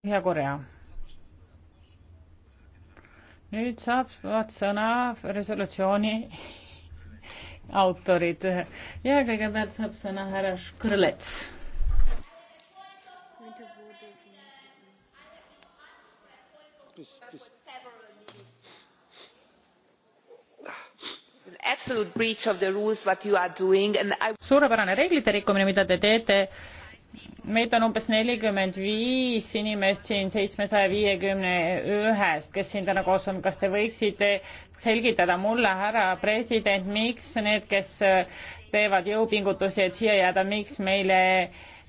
Põhja-Korea. nüüd saavad sõna resolutsiooni autorid ja kõigepealt saab sõna härra Škrlets. suurepärane reeglite rikkumine, mida te teete meid on umbes nelikümmend viis inimest siin seitsmesaja viiekümne ühest, kes siin täna koos on, kas te võiksite selgitada mulle, härra president, miks need, kes äh, teevad jõupingutusi, et siia jääda, miks meile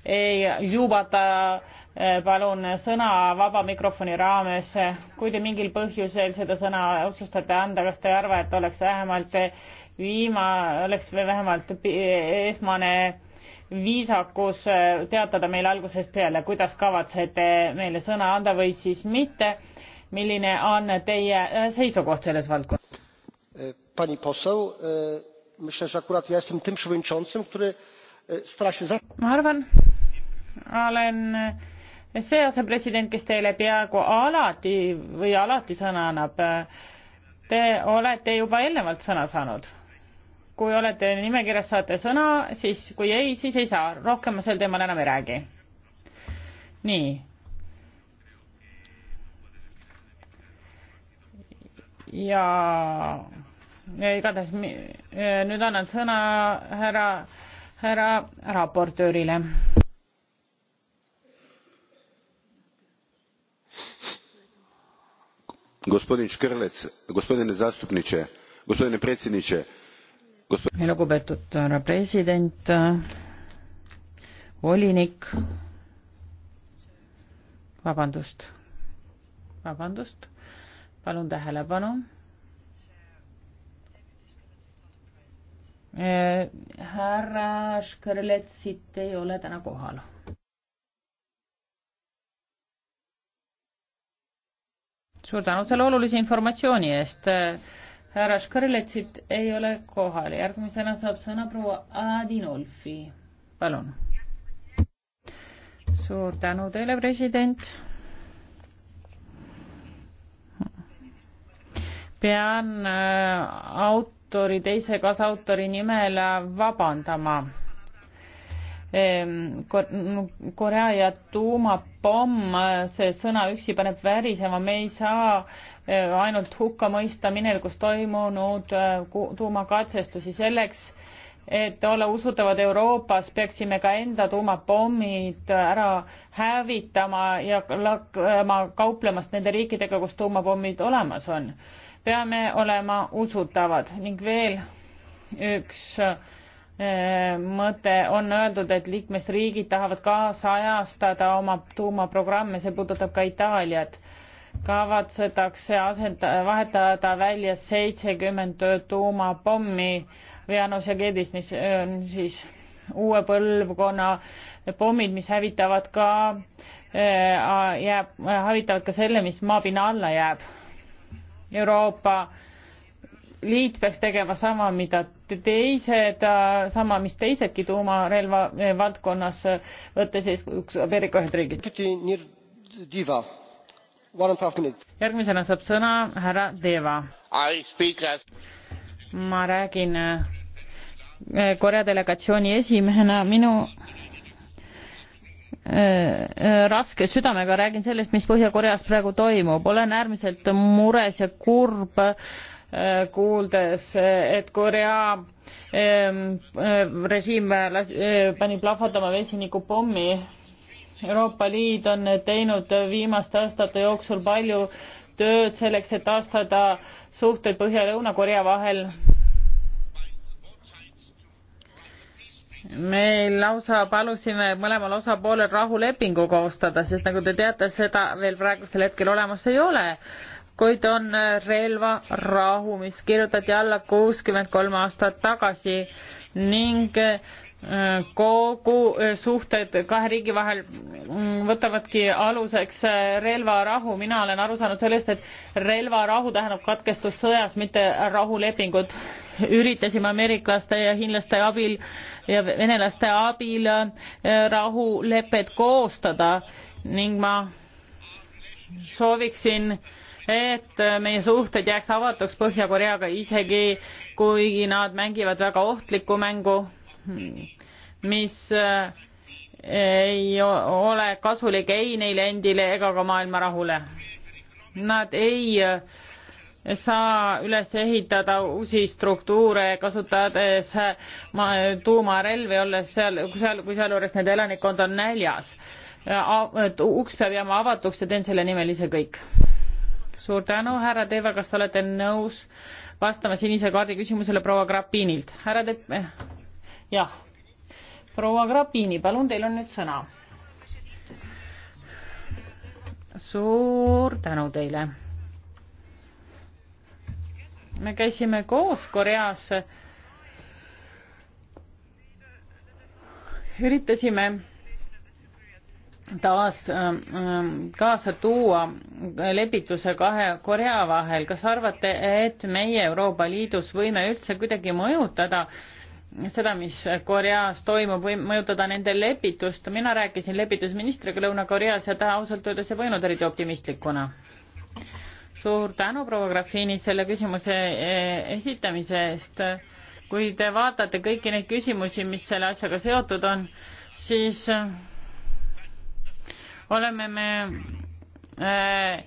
ei lubata äh, palun sõna vaba mikrofoni raames, kui te mingil põhjusel seda sõna otsustate anda, kas te ei arva, et oleks vähemalt viima-, oleks või vähemalt esmane viisakus äh, teatada meile algusest peale, kuidas kavatsete meile sõna anda või siis mitte. milline on teie äh, seisukoht selles valdkonnas? E, pani poseł e, myślę że akurat ja jestem tym przewodniczącym który e, stara się ma arvan olen see asepresident kes teile peaaegu alati või alati sõna annab te olete juba eelnevalt sõna saanud kui olete nimekirjas, saate sõna, siis kui ei, siis ei saa, rohkem ma sel teemal enam ei räägi. nii. ja igatahes nüüd annan sõna härra, härra raportöörile. gospodin škrlec gospodine zastupniče gospodine predsjedniče kus lugupeetud härra president, volinik, vabandust, vabandust, palun tähelepanu. Eh, härra Škõrletsit ei ole täna kohal suur tänu selle olulise informatsiooni eest härra Škõrletsit ei ole kohal, järgmisena saab sõna proua Adinolfi, palun. suur tänu teile, president. pean äh, autori, teise kaasautori nimel vabandama Ehm, mm, Korea tuumapomm, see sõna üksi paneb värisema, me ei saa eh, ainult hukka mõista minevikus toimunud eh, tuumakatsestusi, selleks et olla usutavad Euroopas, peaksime ka enda tuumapommid ära hävitama ja lakkama kauplemast nende riikidega, kus tuumapommid olemas on. peame olema usutavad ning veel üks äh, Äh, mõte on öeldud, et liikmesriigid tahavad kaasajastada oma tuumaprogramme, see puudutab ka Itaaliat. kavatsetakse asend-, vahetada välja seitsekümmend tuumapommi Vianus ja Gedis, mis äh, on siis uue põlvkonna pommid, mis hävitavad ka, äh, jääb, hävitavad ka selle, mis maapinna alla jääb. Euroopa äh, liit peaks tegema sama, mida teised, äh, sama, mis teisedki tuumarelva äh, valdkonnas, äh, võttes eeskujuks Ameerika Ühendriigid. järgmisena saab sõna härra Deva. ma räägin Korea delegatsiooni esimehena, minu raske südamega räägin sellest, mis Põhja-Koreas praegu toimub. olen äärmiselt mures ja kurb Äh, kuuldes, et Korea ähm, äh, režiim äh, pani plahvatama vesinikupommi. Euroopa Liit on teinud viimaste aastate jooksul palju tööd selleks, et taastada suhteid Põhja- ja Lõuna-Korea vahel. me lausa palusime mõlemal osapoolel rahulepingu koostada, sest nagu te teate, seda veel praegusel hetkel olemas ei ole kuid on relvarahu, mis kirjutati alla kuuskümmend kolm aastat tagasi ning äh, kogu äh, suhted kahe riigi vahel mm, võtavadki aluseks äh, relvarahu. mina olen aru saanud sellest, et relvarahu tähendab katkestust sõjas, mitte rahulepingut. üritasime ameeriklaste ja hiinlaste abil ja venelaste abil rahulepet koostada ning ma sooviksin äh, et meie suhted jääks avatuks Põhja-Koreaga, isegi kuigi nad mängivad väga ohtlikku mängu, mis eh, ei ole kasulik ei neile endile ega ka maailma rahule. Nad ei eh, saa üles ehitada uusi struktuure, kasutades eh, tuumarelvi, olles seal, seal, kui sealjuures nende elanikkond on näljas. uks peab jääma avatuks ja teen selle nimel ise kõik suur tänu, härra Teeva, kas te olete nõus vastama sinise kaardi küsimusele proua Grappinilt? härra Te-, eh, jah. proua Grappini, palun, teil on nüüd sõna. suur tänu teile. me käisime koos Koreas üritasime taas ähm, ähm, kaasa tuua lepituse kahe Korea vahel. kas arvate, et meie Euroopa Liidus võime üldse kuidagi mõjutada seda, mis Koreas toimub, või mõjutada nende lepitust? mina rääkisin lepitusministriga Lõuna-Koreas ja ta ausalt öeldes ei võinud eriti optimistlikuna. suur tänu, proua Grafini, selle küsimuse eh, esitamise eest. kui te vaatate kõiki neid küsimusi, mis selle asjaga seotud on, siis eh, oleme me äh,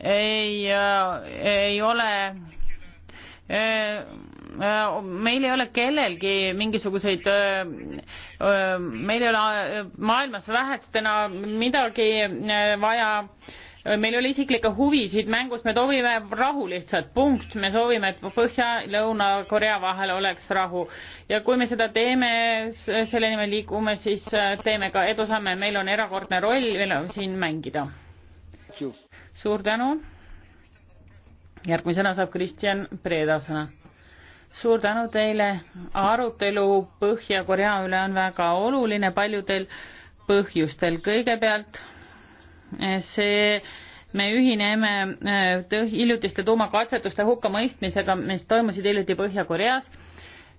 ei äh,, ei ole äh, äh meil ei ole kellelgi mingisuguseid, äh, äh, meil ei ole maailmas vähestena midagi vaja meil ei ole isiklikke huvisid mängus, me soovime rahu lihtsalt, punkt, me soovime, et Põhja-Lõuna-Korea vahel oleks rahu ja kui me seda teeme, selle nimel liigume, siis äh, teeme ka edusamme, meil on erakordne roll meil on siin mängida. suur tänu. järgmisena saab Kristjan Preda sõna suur tänu teile, arutelu Põhja-Korea üle on väga oluline paljudel põhjustel, kõigepealt see me ühineme äh, hiljutiste tuumakatsetuste hukkamõistmisega, mis toimusid hiljuti Põhja-Koreas.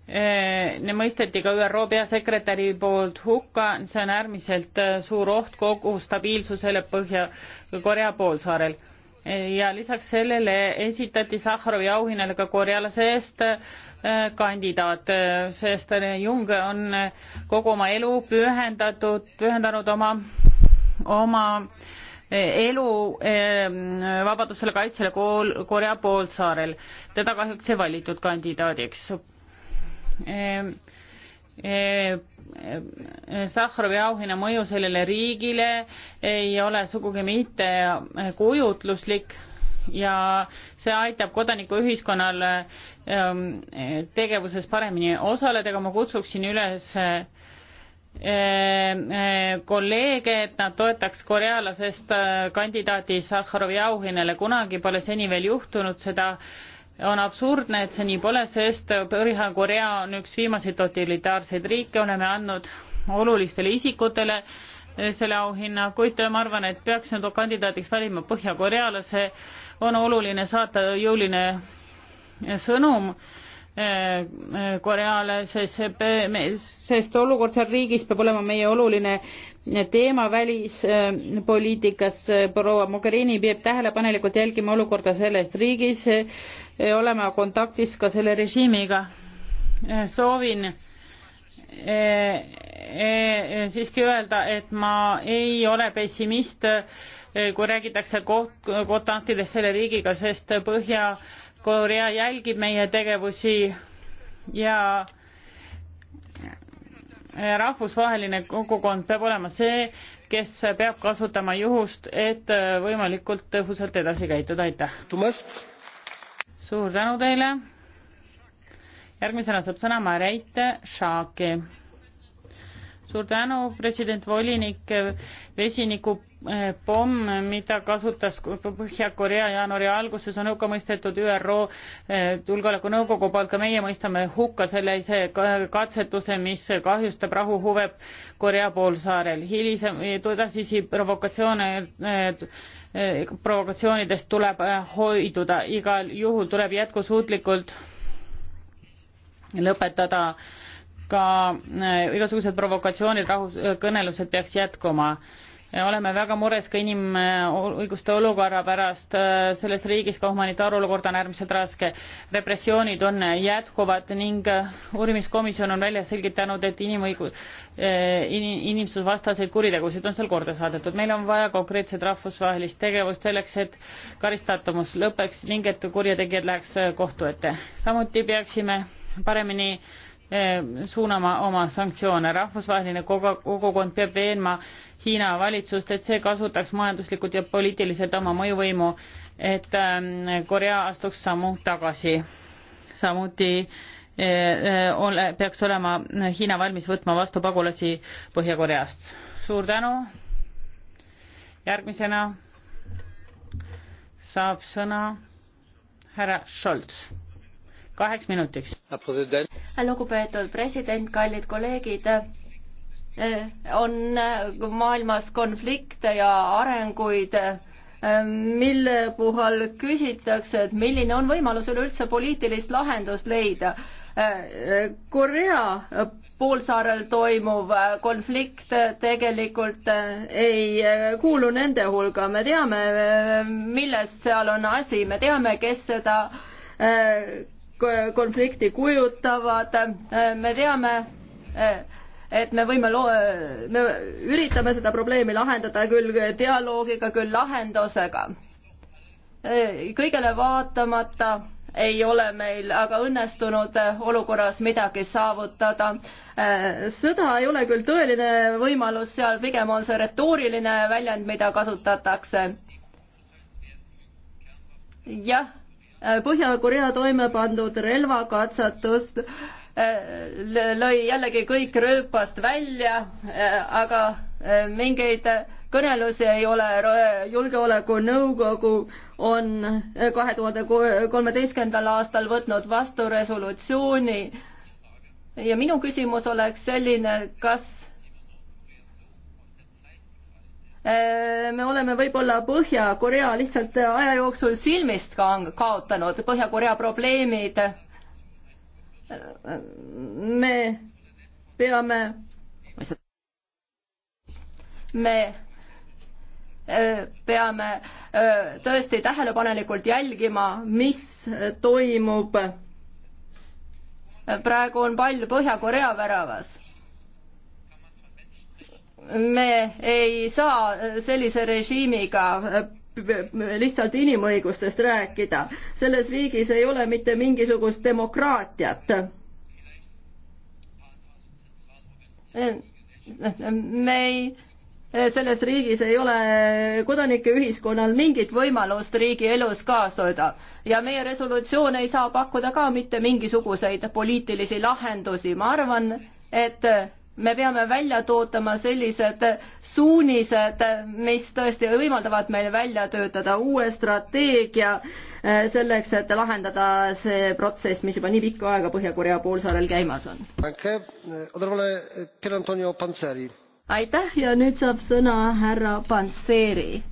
Äh, Need mõisteti ka ÜRO peasekretäri poolt hukka, see on äärmiselt äh, suur oht kogu stabiilsusele Põhja-Korea poolsaarel. ja lisaks sellele esitati Sahharovi auhinnale ka korealase eest kandidaat, sest Jung on kogu oma elu pühendatud, pühendanud oma, oma äh, elu ehm, vabadusele kaitsele Korea poolsaarel. teda kahjuks ei valitud kandidaadiks. Ehm, ehm, Sahhrovi auhinna mõju sellele riigile ei ole sugugi mitte kujutluslik ja see aitab kodanikuühiskonnal tegevuses paremini osaleda, aga ma kutsuksin üles Äh, äh, kolleege, et nad toetaks korealasest äh, kandidaadi Sahharovi auhinnale, kunagi pole seni veel juhtunud seda, on absurdne, et see nii pole, sest Põhja-Korea on üks viimaseid totalitaarseid riike, oleme andnud olulistele isikutele selle auhinna, kuid ma arvan, et peaks nüüd kandidaadiks valima põhjakorealase, on oluline saata jõuline sõnum Koreale, sest, sest olukord seal riigis peab olema meie oluline teema välispoliitikas. proua Mogherini peab tähelepanelikult jälgima olukorda selles riigis, olema kontaktis ka selle režiimiga. soovin e, e, siiski öelda, et ma ei ole pessimist, kui räägitakse koht, kontaktidest selle riigiga, sest Põhja Korea jälgib meie tegevusi ja rahvusvaheline kogukond peab olema see, kes peab kasutama juhust, et võimalikult tõhusalt edasi käituda, aitäh. suur tänu teile. järgmisena saab sõna Mareite Šaake. suur tänu, president volinik, vesiniku Eh, pomm, mida kasutas Põhja-Korea jaanuari alguses, on hukka mõistetud ÜRO eh, Julgeolekunõukogu poolt, ka meie mõistame hukka sellise katsetuse, mis kahjustab rahuhuve Korea poolsaarel. hilisem, edasisi provokatsioone, eh, provokatsioonidest tuleb hoiduda, igal juhul tuleb jätkusuutlikult lõpetada ka igasugused provokatsioonid, rahus, kõnelused peaks jätkuma oleme väga mures ka inimõiguste olukorra pärast selles riigis, ka humanitaarolukord on äärmiselt raske. repressioonid on jätkuvad ning uurimiskomisjon on välja selgitanud, et inimõigu- eh, in,, inimsusvastaseid kuritegusid on seal korda saadetud. meil on vaja konkreetset rahvusvahelist tegevust selleks, et karistatumus lõpeks ning et kurjategijad läheks kohtu ette. samuti peaksime paremini Eh, suunama oma sanktsioone. rahvusvaheline kogukond peab veenma Hiina valitsust, et see kasutaks majanduslikult ja poliitiliselt oma mõjuvõimu, et ähm, Korea astuks sammu tagasi. samuti eh, eh, ole, peaks olema Hiina valmis võtma vastu pagulasi Põhja-Koreast. suur tänu. järgmisena saab sõna härra Scholz kaheks minutiks. lugupeetud president, kallid kolleegid eh, on eh, maailmas konflikte ja arenguid, eh, mille puhul küsitakse, et milline on võimalus üleüldse poliitilist lahendust leida. Korea poolsaarel toimuv konflikt tegelikult ei kuulu nende hulga, me teame, milles seal on asi, me teame, kes seda konflikti kujutavad. me teame, et me võime, me üritame seda probleemi lahendada küll dialoogiga, küll lahendusega. kõigele vaatamata ei ole meil aga õnnestunud olukorras midagi saavutada. sõda ei ole küll tõeline võimalus seal, pigem on see retooriline väljend, mida kasutatakse. jah Äh, Põhja-Korea toime pandud relvakatsatust äh, lõi jällegi kõik rööpast välja, äh, aga mingeid kõnelusi ei ole, julgeolekunõukogu on kahe tuhande kolmeteistkümnendal aastal võtnud vastu resolutsiooni ja minu küsimus oleks selline, kas Äh, me oleme võib-olla Põhja-Korea lihtsalt aja jooksul silmist ka kaotanud, Põhja-Korea probleemid. Äh, me peame, me äh, peame tõesti tähelepanelikult jälgima, mis toimub. praegu on pall Põhja-Korea väravas me ei saa sellise režiimiga lihtsalt inimõigustest rääkida. selles riigis ei ole mitte mingisugust demokraatiat. me ei, selles riigis ei ole kodanikeühiskonnal mingit võimalust riigi elus kaasuda ja meie resolutsioon ei saa pakkuda ka mitte mingisuguseid poliitilisi lahendusi, ma arvan, et me peame välja tootma sellised suunised, mis tõesti võimaldavad meil välja töötada uue strateegia eh, selleks, et lahendada see protsess, mis juba nii pikka aega Põhja-Korea poolsaarel käimas on. aitäh ja nüüd saab sõna härra Panseri.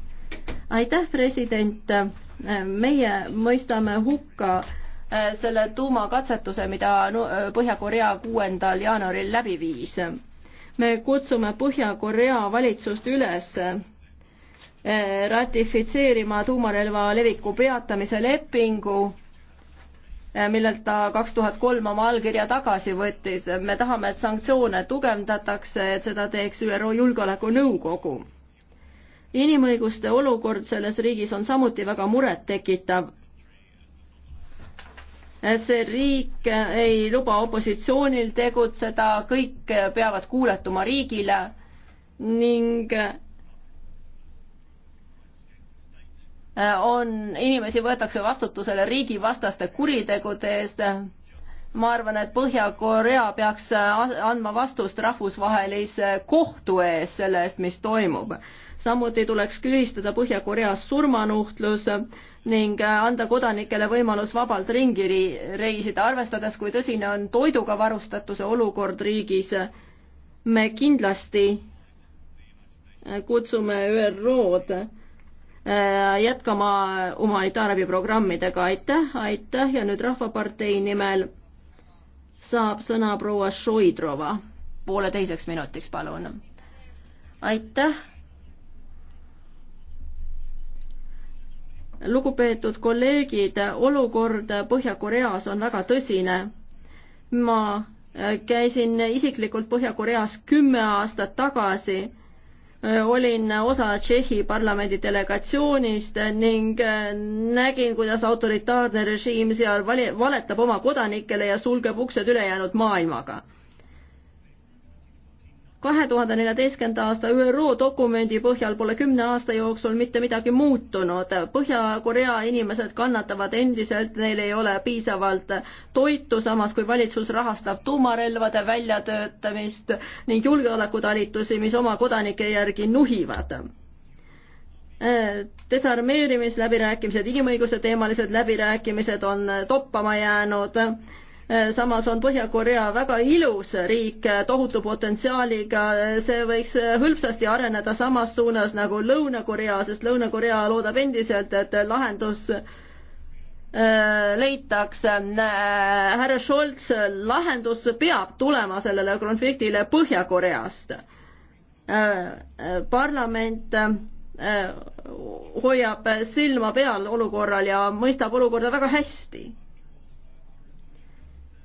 aitäh, president. Eh, meie mõistame hukka Äh, selle tuumakatsetuse, mida äh, Põhja-Korea kuuendal jaanuaril läbi viis. me kutsume Põhja-Korea valitsust üles äh, ratifitseerima tuumarelva leviku peatamise lepingu, millelt ta kaks tuhat kolm oma allkirja tagasi võttis. me tahame, et sanktsioone tugevdatakse, et seda teeks ÜRO Julgeolekunõukogu. inimõiguste olukord selles riigis on samuti väga murettekitav see riik ei luba opositsioonil tegutseda, kõik peavad kuuletuma riigile ning äh, on, inimesi võetakse vastutusele riigivastaste kuritegude eest. ma arvan, et Põhja-Korea peaks andma vastust rahvusvahelise kohtu ees selle eest, mis toimub samuti tuleks tühistada Põhja-Koreas surmanuhtlus ning anda kodanikele võimalus vabalt ringi reisida, arvestades, kui tõsine on toiduga varustatuse olukord riigis. me kindlasti kutsume ÜRO-d äh, jätkama humanitaarabiprogrammidega, aitäh, aitäh ja nüüd Rahvapartei nimel saab sõna proua Šoidrova pooleteiseks minutiks, palun. aitäh, lugupeetud kolleegid, olukord Põhja-Koreas on väga tõsine. ma äh, käisin isiklikult Põhja-Koreas kümme aastat tagasi, äh, olin osa Tšehhi parlamendi delegatsioonist ning äh, nägin, kuidas autoritaarne režiim seal valetab oma kodanikele ja sulgeb uksed ülejäänud maailmaga kahe tuhande neljateistkümnenda aasta ÜRO dokumendi põhjal pole kümne aasta jooksul mitte midagi muutunud. Põhja-Korea inimesed kannatavad endiselt, neil ei ole piisavalt toitu, samas kui valitsus rahastab tuumarelvade väljatöötamist ning julgeolekutalitusi, mis oma kodanike järgi nuhivad desarmeerimisläbirääkimised, inimõiguste teemalised läbirääkimised on toppama jäänud Eh, samas on Põhja-Korea väga ilus riik, eh, tohutu potentsiaaliga, eh, see võiks hõlpsasti areneda samas suunas nagu Lõuna-Korea, sest Lõuna-Korea loodab endiselt, et lahendus leitakse, härra Scholz, lahendus peab tulema sellele konfliktile Põhja-Koreast. parlament hoiab silma peal olukorral ja mõistab olukorda väga hästi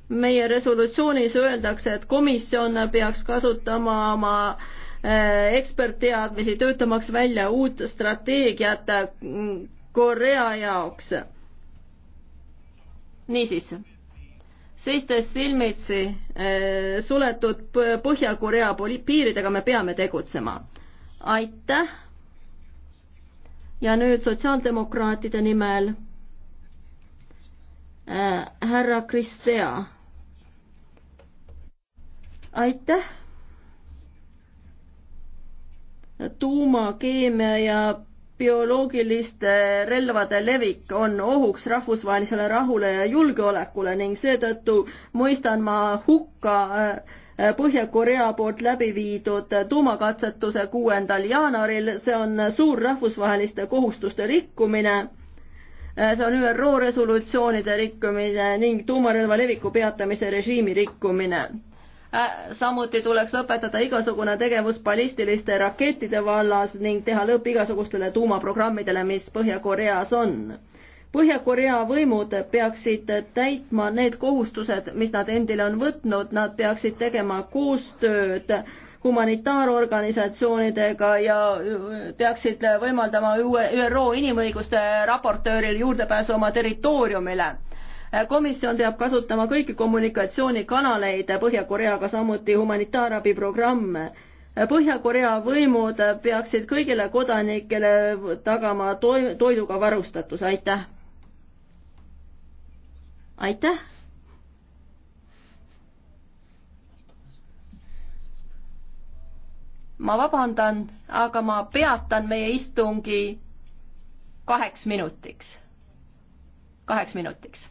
meie resolutsioonis öeldakse, et komisjon peaks kasutama oma äh, ekspertteadmisi, töötamaks välja uut strateegiat mm, Korea jaoks. niisiis, seistes silmitsi äh, suletud Põhja-Korea piiridega me peame tegutsema. aitäh. ja nüüd sotsiaaldemokraatide nimel Äh, härra Kristea. aitäh. tuumakeemia ja bioloogiliste relvade levik on ohuks rahvusvahelisele rahule ja julgeolekule ning seetõttu mõistan ma hukka äh, Põhja-Korea poolt läbi viidud tuumakatsetuse kuuendal jaanuaril, see on suur rahvusvaheliste kohustuste rikkumine Äh, see on ÜRO resolutsioonide rikkumine ning tuumarelva leviku peatamise režiimi rikkumine. Äh, samuti tuleks lõpetada igasugune tegevus ballistiliste rakettide vallas ning teha lõpp igasugustele tuumaprogrammidele, mis Põhja-Koreas on. Põhja-Korea võimud peaksid täitma need kohustused, mis nad endile on võtnud, nad peaksid tegema koostööd äh, humanitaarorganisatsioonidega ja äh, peaksid võimaldama ÜRO inimõiguste raportööril juurdepääsu oma territooriumile. komisjon peab kasutama kõiki kommunikatsioonikanaleid Põhja-Koreaga, samuti humanitaarabiprogramme Põhja-Korea võimud peaksid kõigile kodanikele tagama toiduga varustatus, aitäh. aitäh. ma vabandan, aga ma peatan meie istungi kaheks minutiks, kaheks minutiks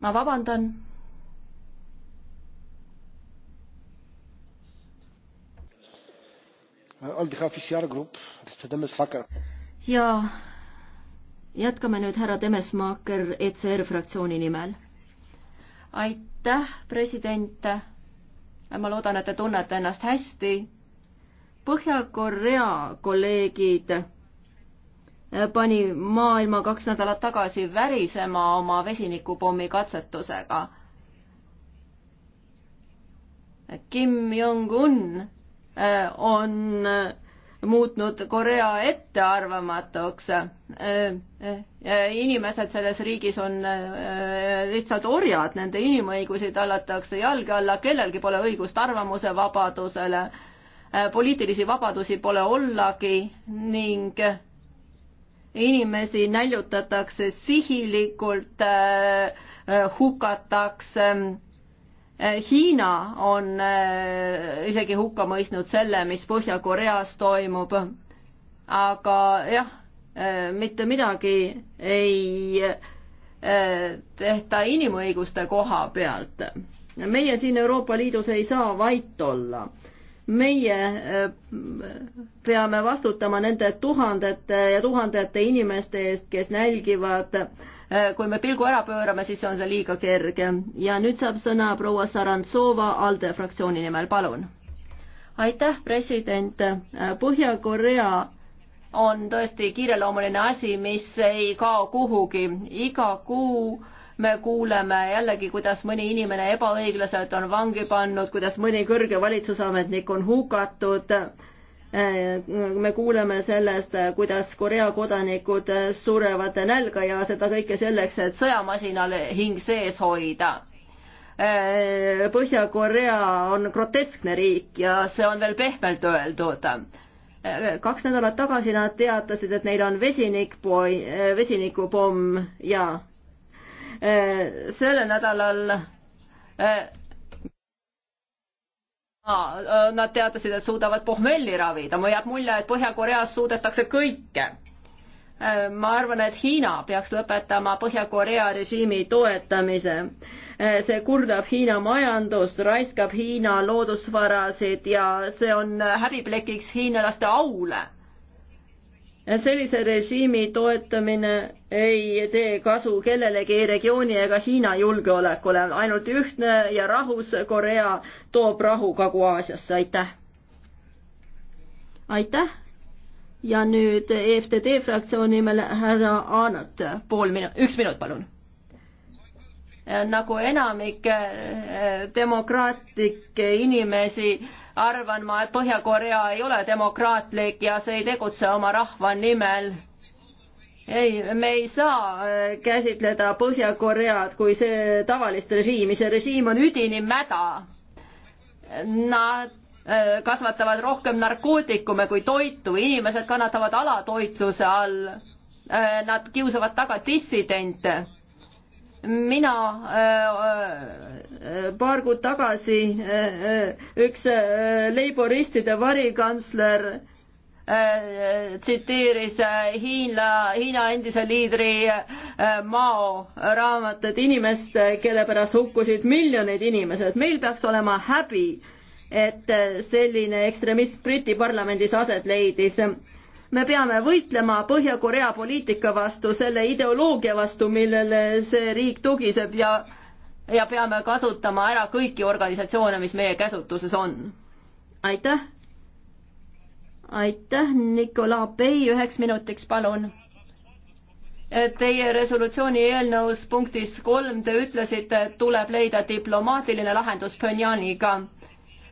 ma vabandan. ja jätkame nüüd härra Demesmaaker ECR fraktsiooni nimel. aitäh, president. ma loodan, et te tunnete ennast hästi. Põhja-Korea kolleegid Äh, pani maailma kaks nädalat tagasi värisema oma vesinikupommi katsetusega. Kim Jong-un äh, on äh, muutnud Korea ettearvamatuks. inimesed selles riigis on lihtsalt orjad, nende inimõigusi tallatakse jalge alla, kellelgi pole õigust arvamusevabadusele, poliitilisi vabadusi pole ollagi ning inimesi näljutatakse sihilikult, äh, äh, hukatakse. Äh, Hiina on isegi hukka mõistnud selle, mis Põhja-Koreas toimub. aga jah, mitte midagi ei tehta inimõiguste koha pealt. meie siin Euroopa Liidus ei saa vait olla meie äh, peame vastutama nende tuhandete ja tuhandete inimeste eest, kes nälgivad. Äh, kui me pilgu ära pöörame, siis on see liiga kerge. ja nüüd saab sõna proua Sarantsova ALDE fraktsiooni nimel, palun. aitäh, president. Äh, Põhja-Korea on tõesti kiireloomuline asi, mis ei kao kuhugi. iga kuu äh, me kuuleme jällegi, kuidas mõni inimene ebaõiglaselt on vangi pannud, kuidas mõni kõrge valitsusametnik on hukatud. me kuuleme sellest, kuidas Korea kodanikud surevad nälga ja seda kõike selleks, et sõjamasinal hing sees hoida. Põhja-Korea on groteskne riik ja see on veel pehmelt öeldud kaks nädalat tagasi nad teatasid, et neil on vesinikpoi-, vesinikupomm ja Äh, sellel nädalal äh, äh, Nad teatasid, et suudavad pohmelli ravida, mul jääb mulje, et Põhja-Koreas suudetakse kõike. ma arvan, et Hiina peaks lõpetama Põhja-Korea režiimi toetamise. see kurdab Hiina majandust, raiskab Hiina loodusvarasid ja see on häbiplekiks hiinlaste aule sellise režiimi toetamine ei tee kasu kellelegi ei regiooni ega Hiina julgeolekule, ainult ühtne ja rahus Korea toob rahu Kagu-Aasiasse, aitäh. aitäh ja nüüd EFTD fraktsiooni nimel härra Aanat, pool minu-, üks minut, palun. nagu enamik eh, demokraatlikke inimesi äh, arvan ma, et Põhja-Korea ei ole demokraatlik ja see ei tegutse oma rahva nimel. ei, me ei saa äh, käsitleda Põhja-Koread kui see tavalist režiimi, see režiim on üdini mäda. Nad äh, kasvatavad rohkem narkootikume kui toitu, inimesed kannatavad alatoitluse all. Äh, nad kiusavad taga dissidente mina äh, äh, paar kuud tagasi äh, üks leiboristide varikantsler tsiteeris Hiina, Hiina endise liidri Mao raamat, et inimest, kelle pärast hukkusid miljoneid inimesed, meil peaks olema häbi, et selline ekstremism Briti parlamendis aset leidis me peame võitlema Põhja-Korea poliitika vastu, selle ideoloogia vastu, millele see riik tugiseb ja ja peame kasutama ära kõiki organisatsioone, mis meie käsutuses on. aitäh. aitäh, Nicolas Bey, üheks minutiks, palun. Teie resolutsiooni eelnõus punktis kolm te ütlesite, et tuleb leida diplomaatiline lahendus Pyongyaniga.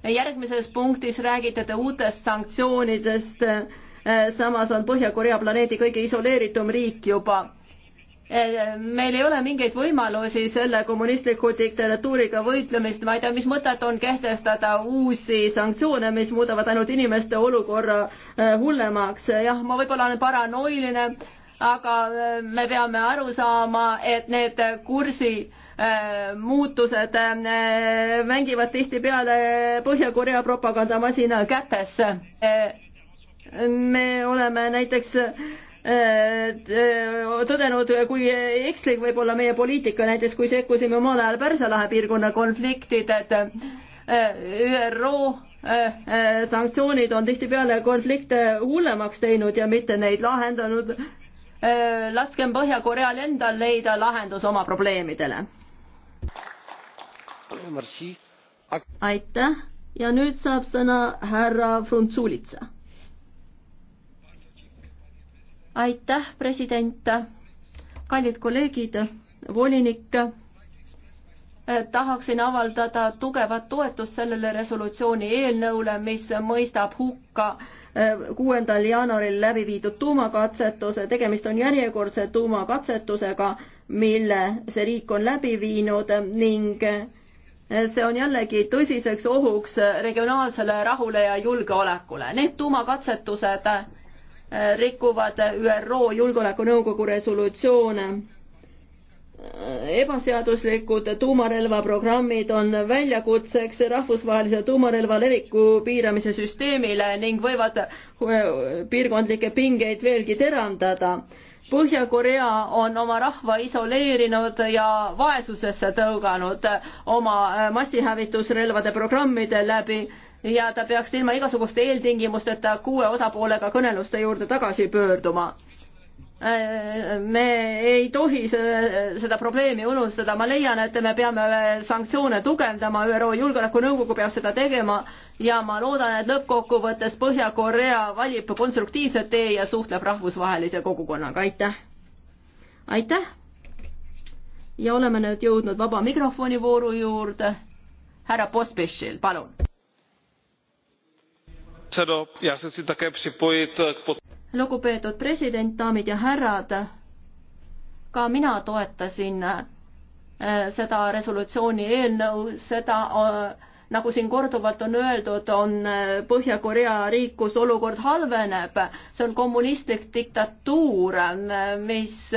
järgmises punktis räägite te uutest sanktsioonidest äh, Eh, samas on Põhja-Korea planeedi kõige isoleeritum riik juba eh, meil ei ole mingeid võimalusi selle kommunistliku diktatuuriga võitlemist, ma ei tea, mis mõtet on kehtestada uusi sanktsioone, mis muudavad ainult inimeste olukorra eh, hullemaks, jah, ma võib-olla olen paranoiline, aga me peame aru saama, et need kursi muutused mängivad tihtipeale Põhja-Korea propagandamasina kätesse me oleme näiteks äh, äh, tõdenud, kui ekslik võib olla meie poliitika, näiteks kui sekkusime omal ajal Pärsia lahe piirkonna konfliktid, et äh, ÜRO sanktsioonid on tihtipeale konflikte hullemaks teinud ja mitte neid lahendanud. laskem Põhja-Koreal endal leida lahendus oma probleemidele. aitäh ja nüüd saab sõna härra Frunzulitsa aitäh, president, kallid kolleegid, volinik, tahaksin avaldada tugevat toetust sellele resolutsiooni eelnõule, mis mõistab hukka eh, kuuendal jaanuaril läbi viidud tuumakatsetuse, tegemist on järjekordse tuumakatsetusega, mille see riik on läbi viinud ning eh, see on jällegi tõsiseks ohuks regionaalsele rahule ja julgeolekule. Need tuumakatsetused rikuvad ÜRO Julgeolekunõukogu resolutsioone. ebaseaduslikud tuumarelvaprogrammid on väljakutseks rahvusvahelise tuumarelva leviku piiramise süsteemile ning võivad eh, piirkondlikke pingeid veelgi teravdada Põhja-Korea on oma rahva isoleerinud ja vaesusesse tõuganud oma eh, massihävitusrelvade programmide läbi ja ta peaks ilma igasuguste eeltingimusteta kuue osapoolega kõneluste juurde tagasi pöörduma. me ei tohi seda probleemi unustada, ma leian, et me peame sanktsioone tugevdama, ÜRO Julgeolekunõukogu peab seda tegema ja ma loodan, et lõppkokkuvõttes Põhja-Korea valib konstruktiivse tee ja suhtleb rahvusvahelise kogukonnaga, aitäh! aitäh! ja oleme nüüd jõudnud vaba mikrofoni vooru juurde. härra Pospišil, palun! lugupeetud president, daamid ja härrad, ka mina toetasin eh, seda resolutsiooni eelnõu, seda eh, nagu siin korduvalt on öeldud, on eh, Põhja-Korea riik, kus olukord halveneb. see on kommunistlik diktatuur, mis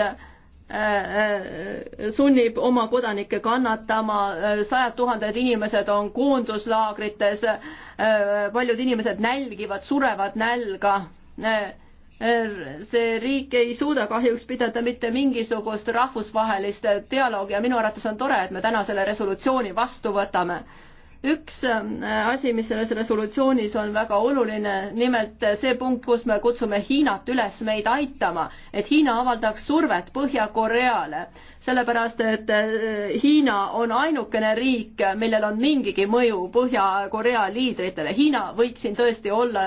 Äh, äh, sunnib oma kodanikke kannatama, äh, sajad tuhanded inimesed on koonduslaagrites, paljud inimesed nälgivad, surevad nälga. see riik ei suuda kahjuks pidada mitte mingisugust rahvusvahelist dialoogi ja minu arvates on tore, et me täna selle resolutsiooni vastu võtame üks ähm, asi, mis selles resolutsioonis on väga oluline, nimelt äh, see punkt, kus me kutsume Hiinat üles meid aitama, et Hiina avaldaks survet Põhja-Koreale, sellepärast et äh, Hiina on ainukene riik, millel on mingigi mõju Põhja-Korea liidritele. Hiina võiks siin tõesti olla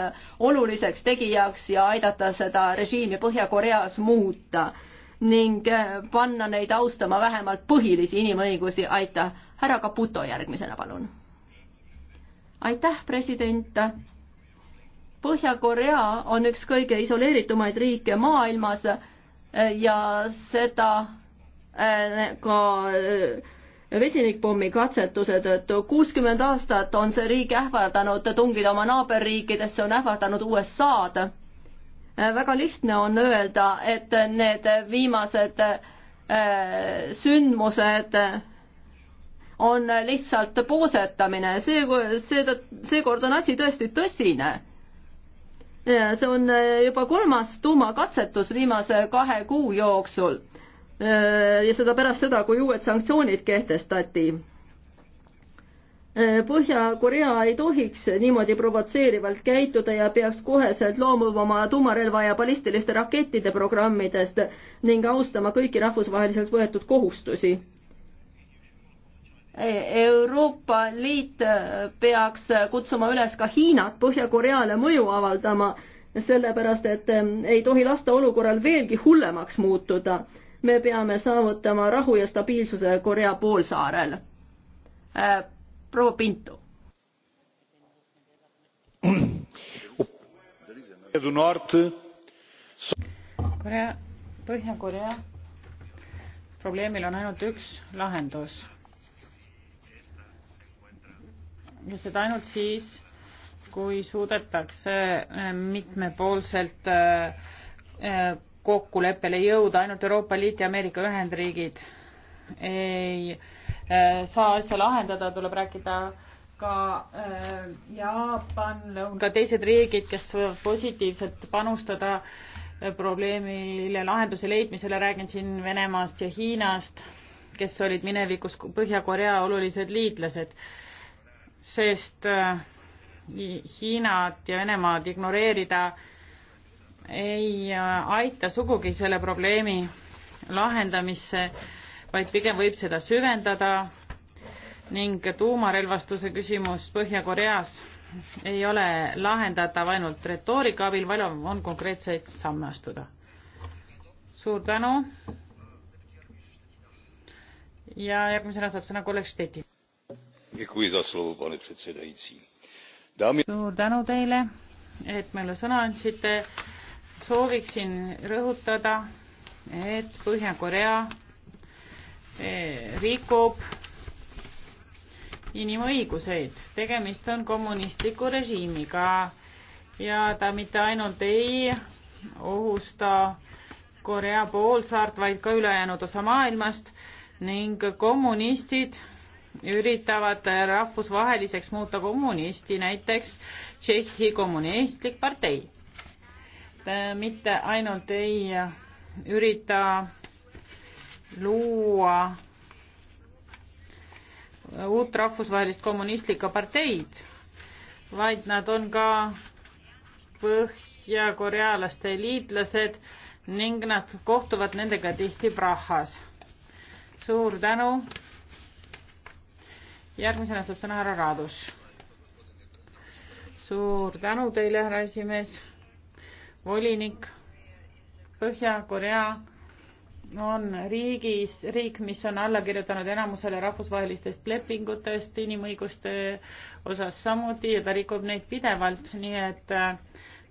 oluliseks tegijaks ja aidata seda režiimi Põhja-Koreas muuta ning äh, panna neid austama vähemalt põhilisi inimõigusi. aitäh, härra Caputo järgmisena, palun aitäh, president. Põhja-Korea on üks kõige isoleeritumaid riike maailmas äh, ja seda äh, ka äh, vesinikpommi katsetuse tõttu. kuuskümmend aastat on see riik ähvardanud tungida oma naaberriikidesse, on ähvardanud USA-d. väga lihtne on öelda, et need viimased sündmused on lihtsalt poosetamine, see, see, seekord on asi tõesti tõsine. see on juba kolmas tuumakatsetus viimase kahe kuu jooksul. ja seda pärast seda, kui uued sanktsioonid kehtestati. Põhja-Korea ei tohiks niimoodi provotseerivalt käituda ja peaks koheselt loomuma oma tuumarelva ja ballistiliste rakettide programmidest ning austama kõiki rahvusvaheliselt võetud kohustusi Euroopa Liit peaks kutsuma üles ka Hiinat Põhja-Koreale mõju avaldama, sellepärast et ei tohi lasta olukorral veelgi hullemaks muutuda. me peame saavutama rahu ja stabiilsuse Korea poolsaarel. Äh, proua Pinto. Korea, Põhja-Korea probleemil on ainult üks lahendus ja seda ainult siis, kui suudetakse äh, mitmepoolselt äh, äh, kokkuleppele jõuda, ainult Euroopa Liit ja Ameerika Ühendriigid ei saa asja lahendada, tuleb rääkida ka Jaapan, on ka teised riigid, kes võivad positiivselt panustada probleemile lahenduse leidmisele, räägin siin Venemaast ja Hiinast, kes olid minevikus Põhja-Korea olulised liitlased sest äh, Hiinat ja Venemaad ignoreerida ei äh, aita sugugi selle probleemi lahendamisse, vaid pigem võib seda süvendada ning tuumarelvastuse küsimus Põhja-Koreas ei ole lahendatav ainult retoorika abil, vaid on konkreetseid samme astuda. suur tänu. ja järgmisena saab sõna kolleeg Steti suur tänu teile, et meile sõna andsite. sooviksin rõhutada, et Põhja-Korea eh, rikub inimõiguseid. tegemist on kommunistliku režiimiga ja ta mitte ainult ei ohusta Korea poolsaart, vaid ka ülejäänud osa maailmast ning kommunistid üritavad rahvusvaheliseks muuta kommunisti, näiteks Tšehhi Kommunistlik Partei. mitte ainult ei ürita luua uut rahvusvahelist kommunistlikku parteid, vaid nad on ka põhjakorealaste liitlased ning nad kohtuvad nendega tihti Prahas. suur tänu järgmisena saab sõna härra Raadus. suur tänu teile, härra esimees, volinik. Põhja-Korea on riigis, riik, mis on alla kirjutanud enamusele rahvusvahelistest lepingutest, inimõiguste osas samuti ja ta rikub neid pidevalt, nii et äh,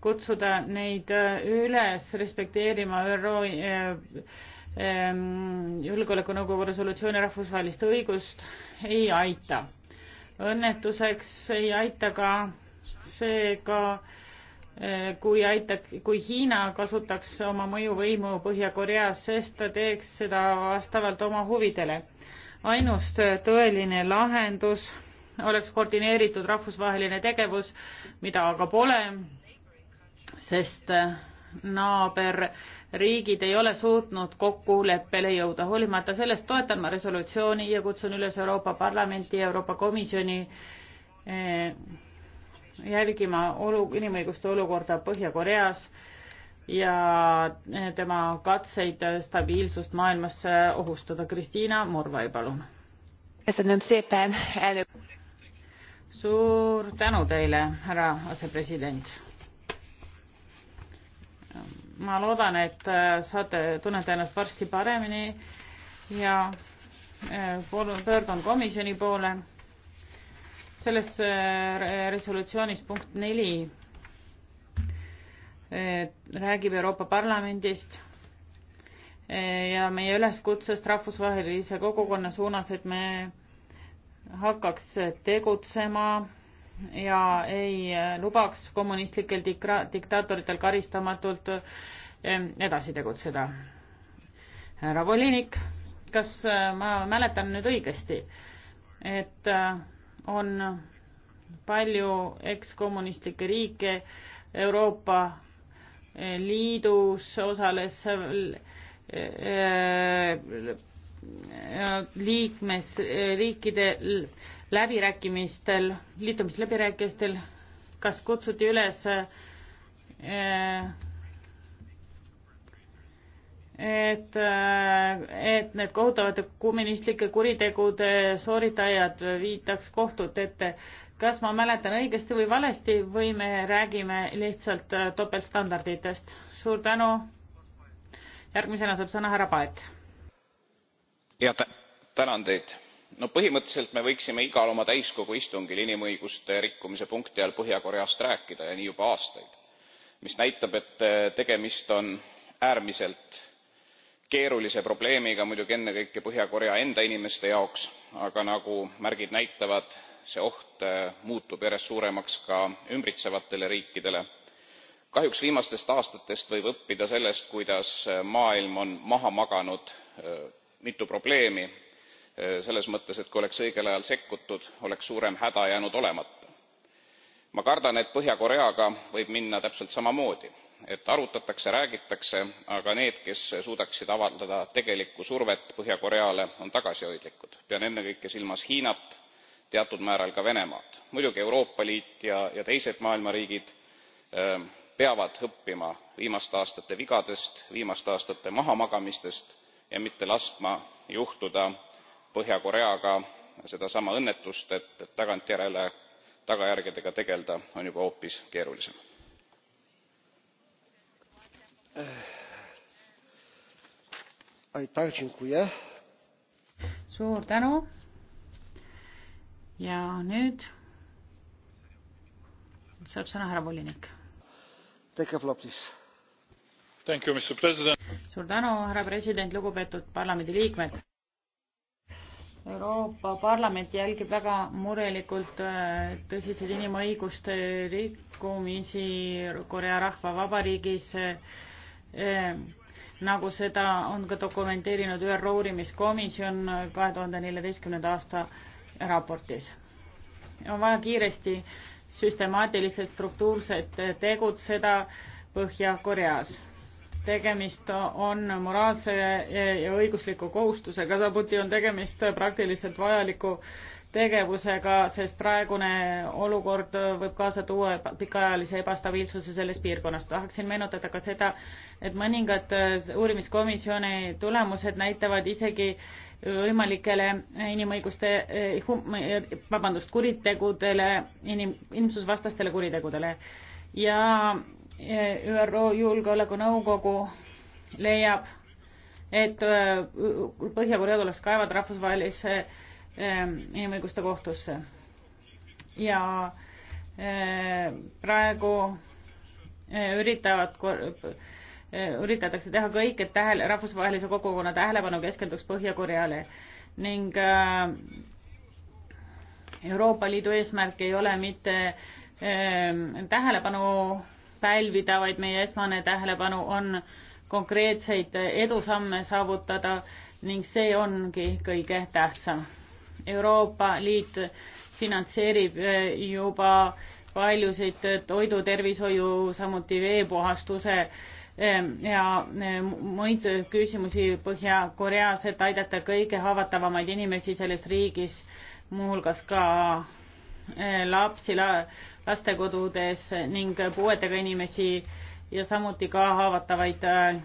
kutsuda neid äh, üles respekteerima ÜRO äh, Ehm, julgeolekunõukogu resolutsiooni rahvusvahelist õigust ei aita. õnnetuseks ei aita ka seega, eh, kui aitab, kui Hiina kasutaks oma mõjuvõimu Põhja-Koreas, sest ta teeks seda vastavalt oma huvidele. ainus tõeline lahendus oleks koordineeritud rahvusvaheline tegevus, mida aga pole, sest eh, naaberriigid ei ole suutnud kokkuleppele jõuda. hoolimata sellest toetan ma resolutsiooni ja kutsun üles Euroopa Parlamenti ja Euroopa Komisjoni eh, jälgima olu, inimõiguste olukorda Põhja-Koreas ja eh, tema katseid stabiilsust maailmas ohustada. Kristiina Morvai, palun. suur tänu teile, härra asepresident ma loodan, et äh, saate, tunnete ennast varsti paremini ja äh, pöördun komisjoni poole. selles äh, resolutsioonis punkt neli räägib Euroopa Parlamendist ja meie üleskutsest rahvusvahelise kogukonna suunas, et me hakkaks tegutsema ja ei äh, lubaks kommunistlikel diktaatoritel karistamatult äh, edasi tegutseda. härra volinik, kas äh, ma mäletan nüüd õigesti, et on palju ekskommunistlikke riike Euroopa Liidus osales liikmesriikide läbirääkimistel, liitumisläbirääkimistel, kas kutsuti üles et, et need kohutavate kommunistlike kuritegude sooritajad viitaks kohtute ette. kas ma mäletan õigesti või valesti või me räägime lihtsalt topeltstandarditest? suur tänu. järgmisena saab sõna härra Paet põhimõtteliselt me võiksime igal oma täiskogu istungil inimõiguste rikkumise punkti all põhja koreast rääkida ja nii juba aastaid mis näitab et äh, tegemist on äärmiselt keerulise probleemiga muidugi ennekõike põhja korea enda inimeste jaoks aga nagu märgid näitavad see oht äh, muutub järjest suuremaks ka ümbritsevatele riikidele. kahjuks viimastest aastatest võib õppida sellest kuidas äh, maailm on maha maganud mitu probleemi eh, selles mõttes et kui oleks õigel ajal sekkutud oleks suurem häda jäänud olemata. ma kardan et põhja koreaga võib minna täpselt samamoodi et arutatakse räägitakse aga need kes suudaksid avaldada tegelikku survet põhja koreale on tagasihoidlikud pean ennekõike silmas hiinat teatud määral ka venemaad. muidugi euroopa liit ja teised maailma riigid eh, peavad õppima viimaste aastate vigadest viimaste aastate mahamagamistest ja mitte laskma juhtuda põhja koreaga sedasama õnnetust et tagantjärele tagajärgedega tegelda on juba hoopis keerulisem. Äh, suur tänu ja nüüd saab sõna härra volinik suur tänu, härra president, lugupeetud parlamendiliikmed. Euroopa Parlament jälgib väga murelikult äh, tõsiseid inimõiguste rikkumisi Korea Rahvavabariigis äh, äh, nagu seda on ka dokumenteerinud ÜRO uurimiskomisjon kahe tuhande neljateistkümnenda aasta raportis. on vaja kiiresti süstemaatiliselt struktuurselt tegutseda Põhja-Koreas tegemist on moraalse ja õigusliku kohustusega, samuti on tegemist praktiliselt vajaliku tegevusega, sest praegune olukord võib kaasa tuua pikaajalise ebastabiilsuse selles piirkonnas. tahaksin meenutada ka seda, et mõningad uurimiskomisjoni tulemused näitavad isegi võimalikele inimõiguste, vabandust, kuritegudele, inim-, inimsusvastastele kuritegudele ja ÜRO Julgeolekunõukogu leiab, et äh, Põhja-Korea tuleks kaevada rahvusvahelise ähm, inimõiguste kohtusse. ja äh, praegu äh, üritavad, üritatakse teha kõik, et tähele, rahvusvahelise kogukonna tähelepanu keskenduks Põhja-Koreale ning Euroopa Liidu eesmärk ei ole mitte ähm, tähelepanu pälvida, vaid meie esmane tähelepanu on konkreetseid edusamme saavutada ning see ongi kõige tähtsam. Euroopa Liit finantseerib eh, juba paljusid toidutervishoiu, samuti veepuhastuse eh, ja eh, muid küsimusi Põhja-Koreas, et aidata kõige haavatavamaid inimesi selles riigis, muuhulgas ka lapsi la,, lastekodudes ning puuetega inimesi ja samuti ka haavatavaid äh,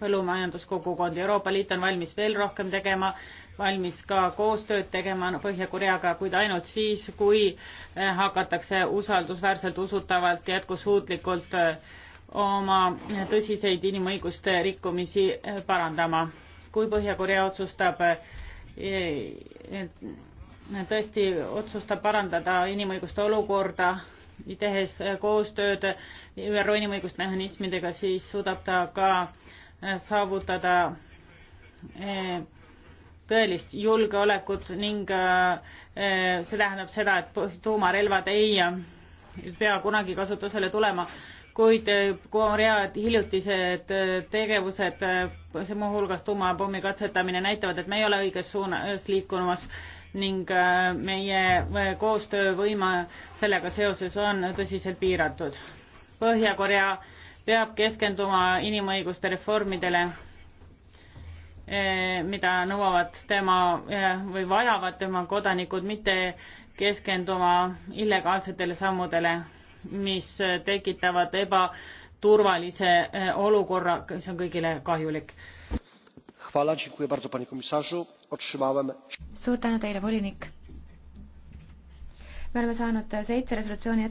põllumajanduskogukondi. Euroopa Liit on valmis veel rohkem tegema, valmis ka koostööd tegema Põhja-Koreaga, kuid ainult siis, kui äh, hakatakse usaldusväärselt, usutavalt, jätkusuutlikult äh, oma tõsiseid inimõiguste rikkumisi parandama. kui Põhja-Korea otsustab et tõesti otsustab parandada inimõiguste olukorda, tehes koostööd ÜRO inimõiguste mehhanismidega, siis suudab ta ka saavutada eh, tõelist julgeolekut ning eh, see tähendab seda, et tuumarelvad ei pea kunagi kasutusele tulema, kuid eh, Korea hiljutised tegevused, see muuhulgas tuumapommi katsetamine, näitavad, et me ei ole õiges suunas liikumas ning äh, meie äh, koostöövõime sellega seoses on tõsiselt piiratud. Põhja-Korea peab keskenduma inimõiguste reformidele, äh, mida nõuavad tema või vajavad tema kodanikud, mitte keskenduma illegaalsetele sammudele, mis tekitavad ebaturvalise olukorra, mis on kõigile kahjulik otrzymałem. suur tänu teile, volinik. me oleme saanud seitse resolutsiooni ette